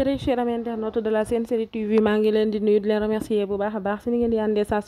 très chers amis internautes de la Sen Série TV maa ngi leen di nuyu di leen remercier bu baax a baax si ni ngeen di àndee saa su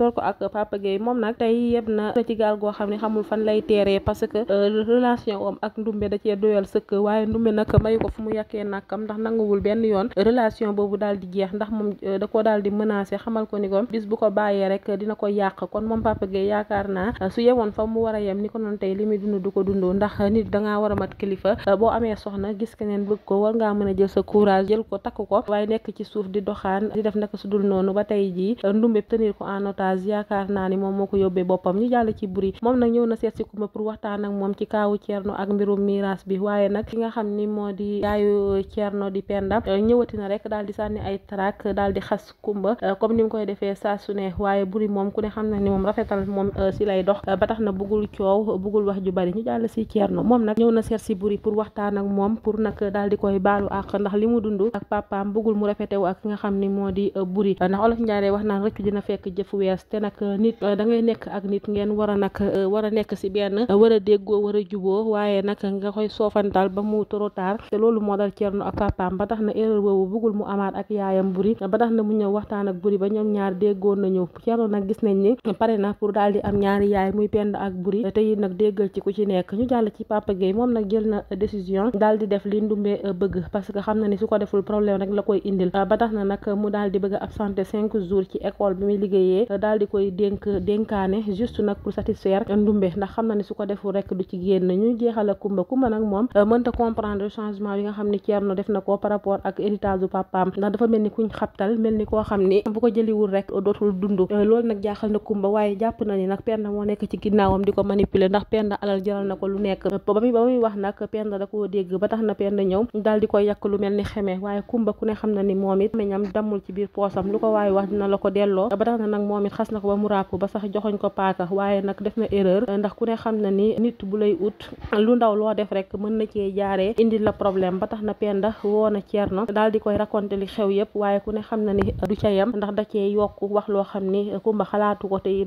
door ko ak Papa Gueye moom nag tey yeb na ci gaal goo xam xamul fan lay teeree parce que euh, relation am ak ndumbe da cee doyal sëkk waaye ndumbe nag mayu ko fu mu yàkkee nàkkam ndax nanguwul benn yoon relation boobu daal di jeex ndax moom euh, da koo daal di menacer xamal ko ni ko bis bu ko bàyyee rek dina ko yàq kon moom Papa Gueye yaakaar naa euh, su yewoon fa mu war a yem ni ko noonu tey li muy dund du ko dundoo ndax nit dangaa war a mat kilifa euh, boo amee soxna gis keneen bëgg ko war ngaa mën a jël sa courage jël ko takk ko waaye nekk ci suuf di doxaan di def naka su dul noonu ba tey jii euh, ndumbe tenir ko en otage yaakaar naa ni moom moo ko yóbbee boppam ñu jàll ci buri moom nag ñëw na seet si Kumba pour waxtaan ak moom ci kaawu Cerno ak mbirum miraas bi waaye nag ki nga xam ni moo di yaayu Cerno di Penda euh, ñëwati na rek daal di sànni ay trak daal di xas Kumba comme ni mu koy defee saa su ne waaye buri moom ku ne xam na ni moom rafetal moom si lay dox ba tax na bëggul coow bëggul wax ju bari ñu jàll si Cerno moom nag ñëw na seet si Boury pour waxtaan ak moom pour nag daal di koy baalu àq ndax li mu dund ak papaam bëggul mu rafetewu ak ki nga xam ni moo di euh, Boury ndax olof njaaree wax naan rëcc dina fekk jëf wees te nag euh, nit euh, da nekk ak nit ngeen war a nag war a nekk si benn war a war a juboo waaye nag nga koy soofantal ba mu trop tard te loolu moo dal Thierno ak papaam ba tax na bëggul mu amaat ak yaayam Boury ba tax na mu ñëw waxtaan ak Boury ba ñoom ñaar déggoon nañu Thierno nag gis nañ ni pare na pour daal di am ñaari yaay muy Penda ak Boury te it nag déggal ci ku ci nekk ñu jàll ci ci Papa Gueye moom nag jël na décision daal di def li Ndumbe euh, bëgg parce que xam na ni su ko deful problème rek la koy indil euh, ba tax na nag mu daal di bëgg absenté cinq jours ci école bi muy liggéeyee euh, daal di koy dénk dénkaane juste nag pour satisfaire Ndumbe ndax xam na ni su ko deful rek du ci génn ñu jeexal ak Kumba Kumba nag moom mënta comprendre changement bi nga xam ni Thierno def na ko par rapport ak héritage bu papaam ndax dafa mel ni kuñ xabtal mel ba muy ba muy wax nag penda da koo dégg ba tax na penda ñëw daal di koy yàq lu mel ni xeme waaye kumba ku ne xam na ni moom it meñam dammul ci biir poosam lu ko waaye wax dina la ko delloo ba tax na nag moom it xas na ko ba mu ràpp ba sax joxoñ ko paaka waaye nag def na erreur ndax ku ne xam na ni nit bu lay ut lu ndaw loo def rek mën na cee jaaree indi la problème ba tax na penda woo na Cerno daal di koy raconté xew yëpp waaye ku ne xam na ni du da cee yokk wax loo xam ni kumba xalaatu ko te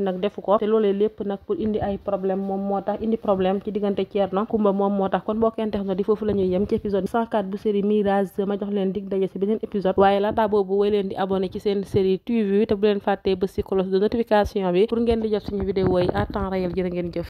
it soxna Kumba moom moo tax kon mbokk internet di foofu la yem ci épisode 104 bu série Mirage ma jox leen dig daje si beneen épisode waaye laata boobu woy leen di abonné ci seen série TV te bu leen fàttee ba si cloche notification bi pour ngeen di jot suñu vidéo yi à temps réel jërë ngeen jëf